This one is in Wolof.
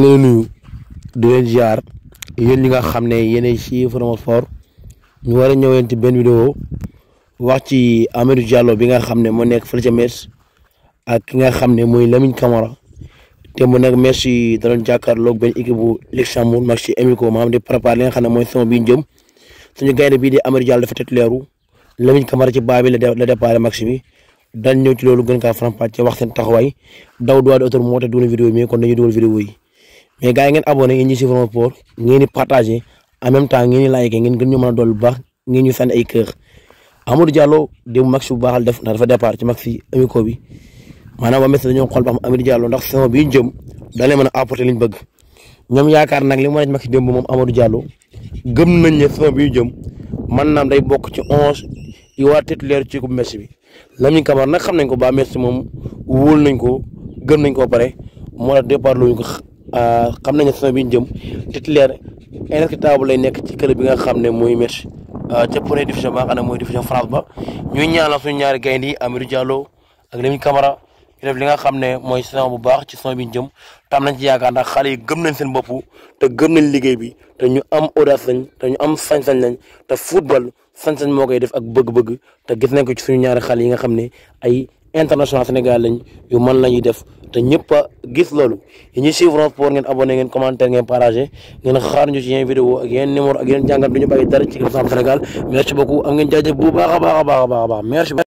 ñu leen nuyu di leen ziar yéen ñi nga xam ne yéenay ci Fromage Fort ñu war a ñëween ci benn vidéo wax ci Hamidou Diallo bi nga xam ne moo nekk fële ca Metz ak ki nga xam ne mooy Lamine Camara te mu nekk Metz yi daloon jàkkaarloog benn équipe bu Luxembourg match ci amico maanaam di préparé li nga xam ne mooy sama bi jëm suñu gaynde bii di Hamidou Diallo dafa titulaire Lamine Camara ci baa bi la la déparé bi dañ ñëw ci loolu gën kaa faram-fàccee wax seen daw doole autor moo tax dugal vidéo yi mais kon dañuy dugal vidéo yi mais gars ngeen abonné ñi ci vraiment pour ngeen ni partager en même temps ngeen ni liké ngeen gën ñu mëna dool bu baax ngeen ñu sànni ay kër Amadou Diallo dem max bu baaxal def na dafa départ ci max yi amico bi manam ba mess dañu xol ba Amadou Diallo ndax saison bi ñu jëm da lay mëna apporter liñ bëgg ñom yaakar nak limu mu mën a max démb moom Amadou Diallo gëm nañ ne saison bi ñu jëm man naam day bok ci 11 yi wa titulaire ci coupe Metz bi Lamine kamar nak xam nañ ko ba Metz mom wóol nañ ko gëm nañ ko pare mo la départ luñu ko Euh, xam nañ ne saison bi ñu jëm titulaire indiscutable lay nekk ci club bi nga xam ne mooy match euh, ca première division ba ne mooy division France ba ñuy ñaanal suñu ñaari gaynde yi Amidou Diallo ak Lamine Camara ñu def li nga xam ne mooy saison bu baax ci saison bi ñu jëm te am nañ ci yaakaar ndax xale yi gëm nañ seen bopp te gëm nañ liggéey bi te ñu am audace lañ te ñu am sañ-sañ lañ te football sañ-sañ moo koy def ak bëgg-bëgg te gis nañ ko ci suñu ñaari xale yi nga xam ne ay international Sénégal lañ yu mën lañuy def te ñëpp gis loolu yi ñuy suivre sport ngeen abonné ngeen commentaire ngeen partagé ngeen xaar ñu ci yeneen a ak yeneen a ak yeneen jàngat du ñu bàyyi dara ci équipe Sénégal merci beaucoup am ngeen jaajëf bu baax a baax baax baax merci